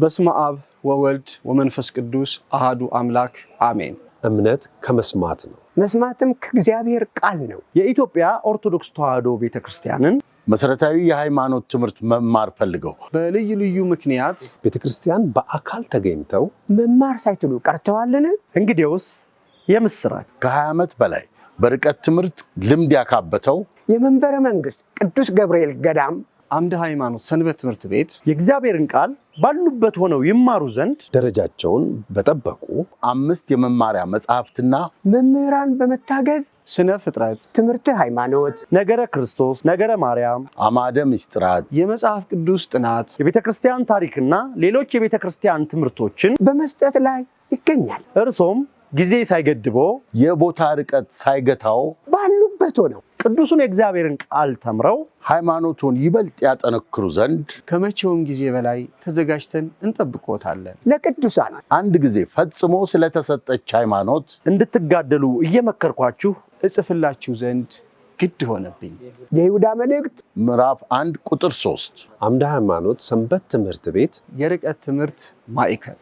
በስመ አብ ወወልድ ወመንፈስ ቅዱስ አሃዱ አምላክ አሜን። እምነት ከመስማት ነው፣ መስማትም ከእግዚአብሔር ቃል ነው። የኢትዮጵያ ኦርቶዶክስ ተዋሕዶ ቤተ ክርስቲያንን መሰረታዊ የሃይማኖት ትምህርት መማር ፈልገው በልዩ ልዩ ምክንያት ቤተ ክርስቲያን በአካል ተገኝተው መማር ሳይችሉ ቀርተዋልን? እንግዲያውስ የምስራች ከ20 ዓመት በላይ በርቀት ትምህርት ልምድ ያካበተው የመንበረ መንግስት ቅዱስ ገብርኤል ገዳም አምደ ሃይማኖት ሰንበት ትምህርት ቤት የእግዚአብሔርን ቃል ባሉበት ሆነው ይማሩ ዘንድ ደረጃቸውን በጠበቁ አምስት የመማሪያ መጽሐፍትና መምህራን በመታገዝ ስነ ፍጥረት፣ ትምህርተ ሃይማኖት፣ ነገረ ክርስቶስ፣ ነገረ ማርያም፣ አማደ ምስጢራት፣ የመጽሐፍ ቅዱስ ጥናት፣ የቤተ ክርስቲያን ታሪክና ሌሎች የቤተ ክርስቲያን ትምህርቶችን በመስጠት ላይ ይገኛል። እርሶም ጊዜ ሳይገድቦ የቦታ ርቀት ሳይገታው ባሉበት ሆነው ቅዱሱን የእግዚአብሔርን ቃል ተምረው ሃይማኖቱን ይበልጥ ያጠነክሩ ዘንድ ከመቼውም ጊዜ በላይ ተዘጋጅተን እንጠብቆታለን። ለቅዱሳን አንድ ጊዜ ፈጽሞ ስለተሰጠች ሃይማኖት እንድትጋደሉ እየመከርኳችሁ እጽፍላችሁ ዘንድ ግድ ሆነብኝ። የይሁዳ መልእክት ምዕራፍ አንድ ቁጥር ሶስት አምደ ሃይማኖት ሰንበት ትምህርት ቤት የርቀት ትምህርት ማዕከል